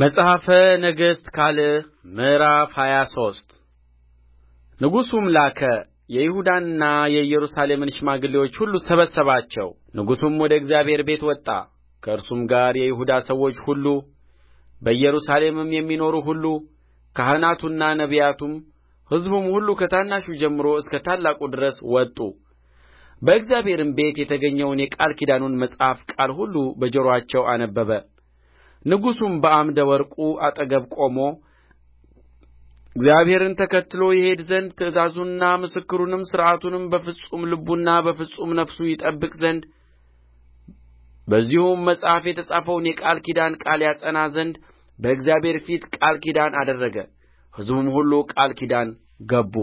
መጽሐፈ ነገሥት ካልዕ ምዕራፍ ሃያ ሶስት ንጉሡም ላከ የይሁዳንና የኢየሩሳሌምን ሽማግሌዎች ሁሉ ሰበሰባቸው። ንጉሡም ወደ እግዚአብሔር ቤት ወጣ፣ ከእርሱም ጋር የይሁዳ ሰዎች ሁሉ፣ በኢየሩሳሌምም የሚኖሩ ሁሉ፣ ካህናቱና ነቢያቱም፣ ሕዝቡም ሁሉ ከታናሹ ጀምሮ እስከ ታላቁ ድረስ ወጡ። በእግዚአብሔርም ቤት የተገኘውን የቃል ኪዳኑን መጽሐፍ ቃል ሁሉ በጆሮአቸው አነበበ። ንጉሡም በዓምደ ወርቁ አጠገብ ቆሞ እግዚአብሔርን ተከትሎ ይሄድ ዘንድ ትእዛዙንና ምስክሩንም ሥርዓቱንም በፍጹም ልቡና በፍጹም ነፍሱ ይጠብቅ ዘንድ በዚሁም መጽሐፍ የተጻፈውን የቃል ኪዳን ቃል ያጸና ዘንድ በእግዚአብሔር ፊት ቃል ኪዳን አደረገ። ሕዝቡም ሁሉ ቃል ኪዳን ገቡ።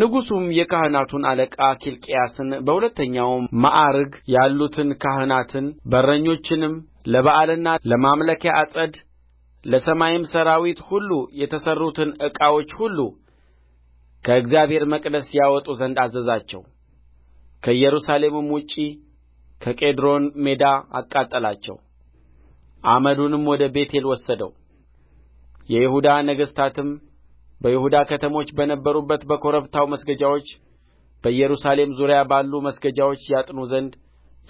ንጉሡም የካህናቱን አለቃ ኬልቅያስን በሁለተኛውም መዓርግ ያሉትን ካህናትን በረኞችንም ለበኣልና ለማምለኪያ ዐፀድ ለሰማይም ሠራዊት ሁሉ የተሠሩትን ዕቃዎች ሁሉ ከእግዚአብሔር መቅደስ ያወጡ ዘንድ አዘዛቸው ከኢየሩሳሌምም ውጭ ከቄድሮን ሜዳ አቃጠላቸው አመዱንም ወደ ቤቴል ወሰደው የይሁዳ ነገሥታትም በይሁዳ ከተሞች በነበሩበት በኮረብታው መስገጃዎች በኢየሩሳሌም ዙሪያ ባሉ መስገጃዎች ያጥኑ ዘንድ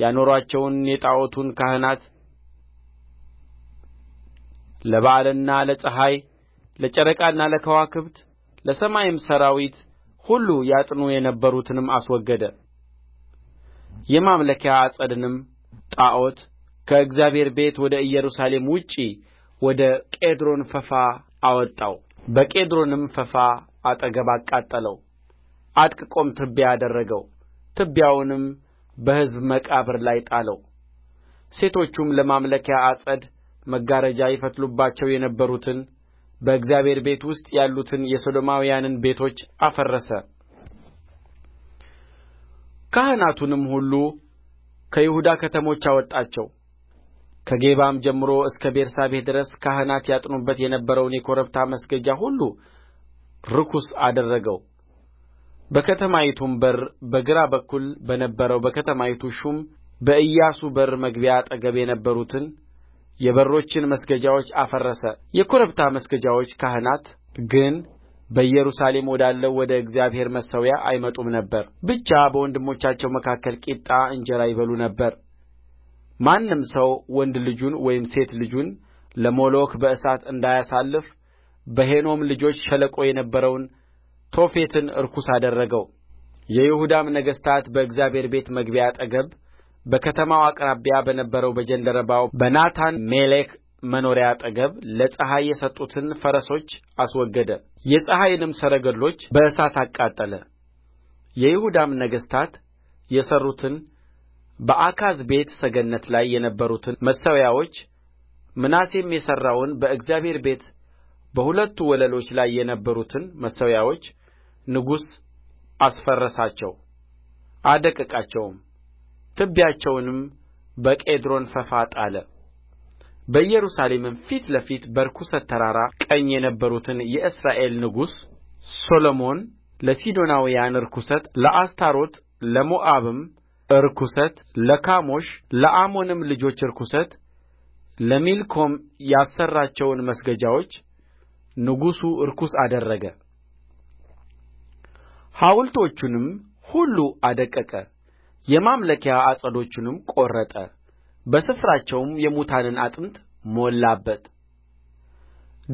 ያኖሩአቸውን የጣዖቱን ካህናት ለበዓልና ለፀሐይ ለጨረቃና ለከዋክብት ለሰማይም ሠራዊት ሁሉ ያጥኑ የነበሩትንም አስወገደ የማምለኪያ ዐፀድንም ጣዖት ከእግዚአብሔር ቤት ወደ ኢየሩሳሌም ውጭ ወደ ቄድሮን ፈፋ አወጣው በቄድሮንም ፈፋ አጠገብ አቃጠለው አድቅቆም ትቢያ አደረገው ትቢያውንም በሕዝብ መቃብር ላይ ጣለው ሴቶቹም ለማምለኪያ ዐፀድ መጋረጃ ይፈትሉባቸው የነበሩትን በእግዚአብሔር ቤት ውስጥ ያሉትን የሰዶማውያንን ቤቶች አፈረሰ ካህናቱንም ሁሉ ከይሁዳ ከተሞች አወጣቸው ከጌባም ጀምሮ እስከ ቤርሳቤህ ድረስ ካህናት ያጥኑበት የነበረውን የኮረብታ መስገጃ ሁሉ ርኩስ አደረገው በከተማይቱም በር በግራ በኩል በነበረው በከተማይቱ ሹም በኢያሱ በር መግቢያ አጠገብ የነበሩትን የበሮችን መስገጃዎች አፈረሰ የኮረብታ መስገጃዎች ካህናት ግን በኢየሩሳሌም ወዳለው ወደ እግዚአብሔር መሠዊያ አይመጡም ነበር ብቻ በወንድሞቻቸው መካከል ቂጣ እንጀራ ይበሉ ነበር ማንም ሰው ወንድ ልጁን ወይም ሴት ልጁን ለሞሎክ በእሳት እንዳያሳልፍ በሄኖም ልጆች ሸለቆ የነበረውን ቶፌትን ርኩስ አደረገው የይሁዳም ነገሥታት በእግዚአብሔር ቤት መግቢያ አጠገብ በከተማው አቅራቢያ በነበረው በጃንደረባው በናታን ሜሌክ መኖሪያ አጠገብ ለፀሐይ የሰጡትን ፈረሶች አስወገደ የፀሐይንም ሰረገሎች በእሳት አቃጠለ የይሁዳም ነገሥታት የሠሩትን በአካዝ ቤት ሰገነት ላይ የነበሩትን መሠዊያዎች ምናሴም የሠራውን በእግዚአብሔር ቤት በሁለቱ ወለሎች ላይ የነበሩትን መሠዊያዎች ንጉሥ አስፈረሳቸው አደቀቃቸውም ትቢያቸውንም በቄድሮን ፈፋ ጣለ በኢየሩሳሌምም ፊት ለፊት በርኵሰት ተራራ ቀኝ የነበሩትን የእስራኤል ንጉሥ ሰሎሞን ለሲዶናውያን ርኵሰት ለአስታሮት ለሞዓብም ርኵሰት ለካሞሽ ለአሞንም ልጆች ርኵሰት ለሚልኮም ያሠራቸውን መስገጃዎች ንጉሡ ርኩስ አደረገ ሐውልቶቹንም ሁሉ አደቀቀ የማምለኪያ ዐፀዶቹንም ቈረጠ በስፍራቸውም የሙታንን አጥንት ሞላበት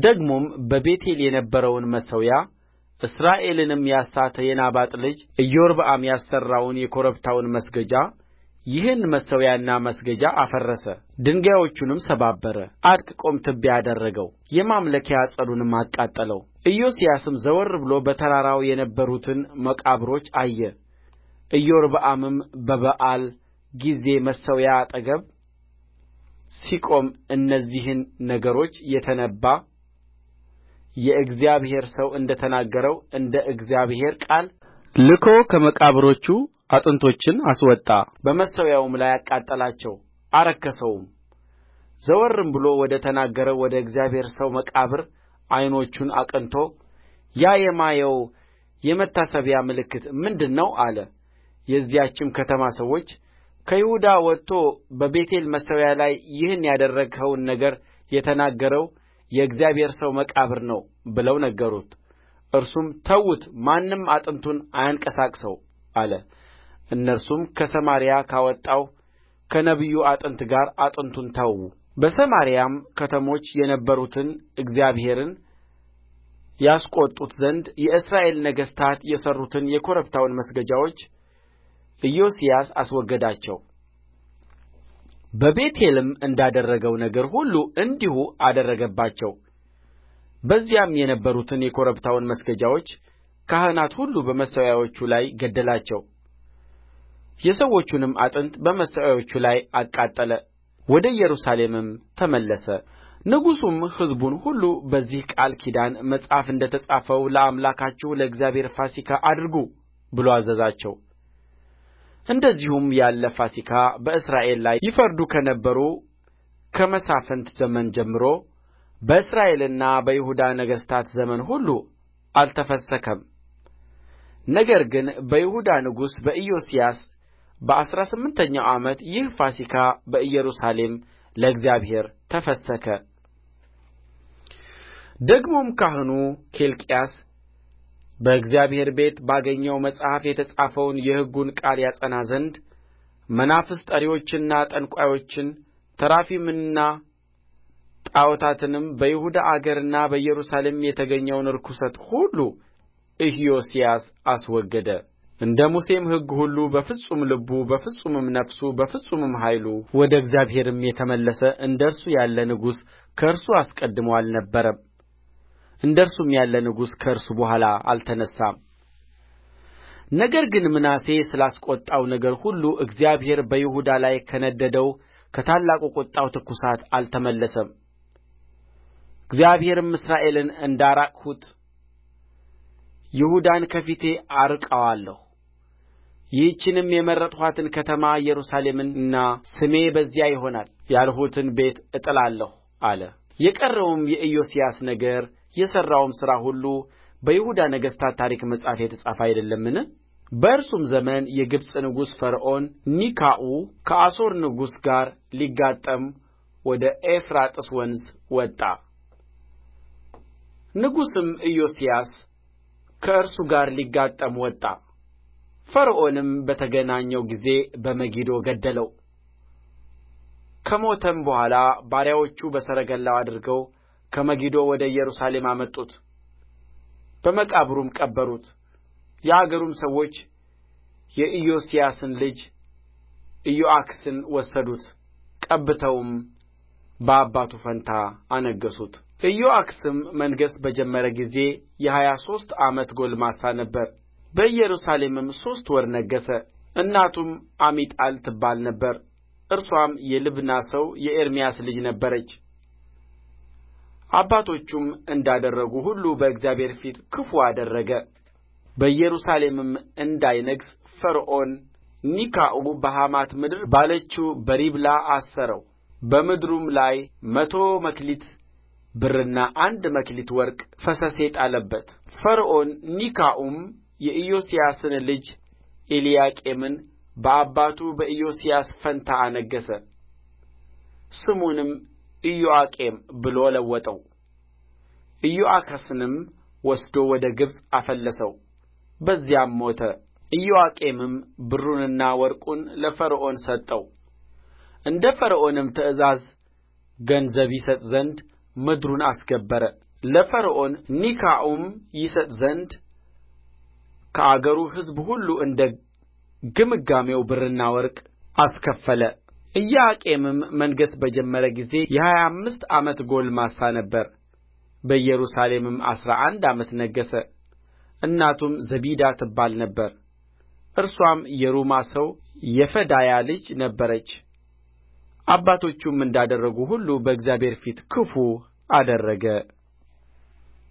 ደግሞም በቤቴል የነበረውን መሠዊያ እስራኤልንም ያሳተ የናባጥ ልጅ ኢዮርብዓም ያሠራውን የኮረብታውን መስገጃ ይህን መሠዊያና መስገጃ አፈረሰ ድንጋዮቹንም ሰባበረ አድቅቆም ትቢያ አደረገው የማምለኪያ ዐፀዱንም አቃጠለው ኢዮስያስም ዘወር ብሎ በተራራው የነበሩትን መቃብሮች አየ ኢዮርብዓምም በበዓል ጊዜ መሠዊያ አጠገብ ሲቆም እነዚህን ነገሮች የተነባ የእግዚአብሔር ሰው እንደ ተናገረው እንደ እግዚአብሔር ቃል ልኮ ከመቃብሮቹ አጥንቶችን አስወጣ። በመሠዊያውም ላይ አቃጠላቸው፣ አረከሰውም። ዘወርም ብሎ ወደ ተናገረው ወደ እግዚአብሔር ሰው መቃብር ዐይኖቹን አቅንቶ ያ የማየው የመታሰቢያ ምልክት ምንድን ነው? አለ። የዚያችም ከተማ ሰዎች ከይሁዳ ወጥቶ በቤቴል መሠዊያ ላይ ይህን ያደረግኸውን ነገር የተናገረው የእግዚአብሔር ሰው መቃብር ነው ብለው ነገሩት። እርሱም ተዉት፣ ማንም አጥንቱን አያንቀሳቅሰው አለ። እነርሱም ከሰማርያ ካወጣው ከነቢዩ አጥንት ጋር አጥንቱን ተዉ። በሰማርያም ከተሞች የነበሩትን እግዚአብሔርን ያስቈጡት ዘንድ የእስራኤል ነገሥታት የሠሩትን የኮረብታውን መስገጃዎች ኢዮስያስ አስወገዳቸው በቤቴልም እንዳደረገው ነገር ሁሉ እንዲሁ አደረገባቸው በዚያም የነበሩትን የኮረብታውን መስገጃዎች ካህናት ሁሉ በመሠዊያዎቹ ላይ ገደላቸው የሰዎቹንም አጥንት በመሠዊያዎቹ ላይ አቃጠለ ወደ ኢየሩሳሌምም ተመለሰ ንጉሡም ሕዝቡን ሁሉ በዚህ ቃል ኪዳን መጽሐፍ እንደ ተጻፈው ለአምላካችሁ ለእግዚአብሔር ፋሲካ አድርጉ ብሎ አዘዛቸው እንደዚሁም ያለ ፋሲካ በእስራኤል ላይ ይፈርዱ ከነበሩ ከመሳፍንት ዘመን ጀምሮ በእስራኤልና በይሁዳ ነገሥታት ዘመን ሁሉ አልተፈሰከም። ነገር ግን በይሁዳ ንጉሥ በኢዮስያስ በአሥራ ስምንተኛው ዓመት ይህ ፋሲካ በኢየሩሳሌም ለእግዚአብሔር ተፈሰከ። ደግሞም ካህኑ ኬልቅያስ በእግዚአብሔር ቤት ባገኘው መጽሐፍ የተጻፈውን የሕጉን ቃል ያጸና ዘንድ መናፍስት ጠሪዎችንና ጠንቋዮችን ተራፊምንና ጣዖታትንም በይሁዳ አገርና በኢየሩሳሌም የተገኘውን ርኵሰት ሁሉ ኢዮስያስ አስወገደ። እንደ ሙሴም ሕግ ሁሉ በፍጹም ልቡ በፍጹምም ነፍሱ በፍጹምም ኃይሉ ወደ እግዚአብሔርም የተመለሰ እንደ እርሱ ያለ ንጉሥ ከእርሱ አስቀድሞ አልነበረም። እንደ እርሱም ያለ ንጉሥ ከእርሱ በኋላ አልተነሣም ነገር ግን ምናሴ ስላስቈጣው ነገር ሁሉ እግዚአብሔር በይሁዳ ላይ ከነደደው ከታላቁ ቍጣው ትኵሳት አልተመለሰም። እግዚአብሔርም እስራኤልን እንዳራቅሁት ይሁዳን ከፊቴ አርቀዋለሁ፣ ይህችንም የመረጥኋትን ከተማ ኢየሩሳሌምንና ስሜ በዚያ ይሆናል ያልሁትን ቤት እጥላለሁ አለ። የቀረውም የኢዮስያስ ነገር የሠራውም ሥራ ሁሉ በይሁዳ ነገሥታት ታሪክ መጽሐፍ የተጻፈ አይደለምን በእርሱም ዘመን የግብፅ ንጉሥ ፈርዖን ኒካዑ ከአሦር ንጉሥ ጋር ሊጋጠም ወደ ኤፍራጥስ ወንዝ ወጣ ንጉሡም ኢዮስያስ ከእርሱ ጋር ሊጋጠም ወጣ ፈርዖንም በተገናኘው ጊዜ በመጊዶ ገደለው ከሞተም በኋላ ባሪያዎቹ በሰረገላው አድርገው ከመጊዶ ወደ ኢየሩሳሌም አመጡት በመቃብሩም ቀበሩት የአገሩም ሰዎች የኢዮስያስን ልጅ ኢዮአክስን ወሰዱት ቀብተውም በአባቱ ፈንታ አነገሡት ኢዮአክስም መንገሥ በጀመረ ጊዜ የሀያ ሦስት ዓመት ጎልማሳ ነበር በኢየሩሳሌምም ሦስት ወር ነገሠ እናቱም አሚጣል ትባል ነበር እርሷም የልብና ሰው የኤርምያስ ልጅ ነበረች አባቶቹም እንዳደረጉ ሁሉ በእግዚአብሔር ፊት ክፉ አደረገ በኢየሩሳሌምም እንዳይነግሥ ፈርዖን ኒካዑ በሐማት ምድር ባለችው በሪብላ አሰረው በምድሩም ላይ መቶ መክሊት ብርና አንድ መክሊት ወርቅ ፈሰሴ ጣለበት ፈርዖን ኒካዑም የኢዮስያስን ልጅ ኤልያቄምን በአባቱ በኢዮስያስ ፋንታ አነገሠ ስሙንም ኢዮአቄም ብሎ ለወጠው። ኢዮአክስንም ወስዶ ወደ ግብፅ አፈለሰው፣ በዚያም ሞተ። ኢዮአቄምም ብሩንና ወርቁን ለፈርዖን ሰጠው። እንደ ፈርዖንም ትእዛዝ ገንዘብ ይሰጥ ዘንድ ምድሩን አስገበረ። ለፈርዖን ኒካዑም ይሰጥ ዘንድ ከአገሩ ሕዝብ ሁሉ እንደ ግምጋሜው ብርና ወርቅ አስከፈለ። ኢዮአቄምም መንገሥ በጀመረ ጊዜ የሀያ አምስት ዓመት ጕልማሳ ነበረ በኢየሩሳሌምም አሥራ አንድ ዓመት ነገሠ እናቱም ዘቢዳ ትባል ነበር እርሷም የሩማ ሰው የፈዳያ ልጅ ነበረች አባቶቹም እንዳደረጉ ሁሉ በእግዚአብሔር ፊት ክፉ አደረገ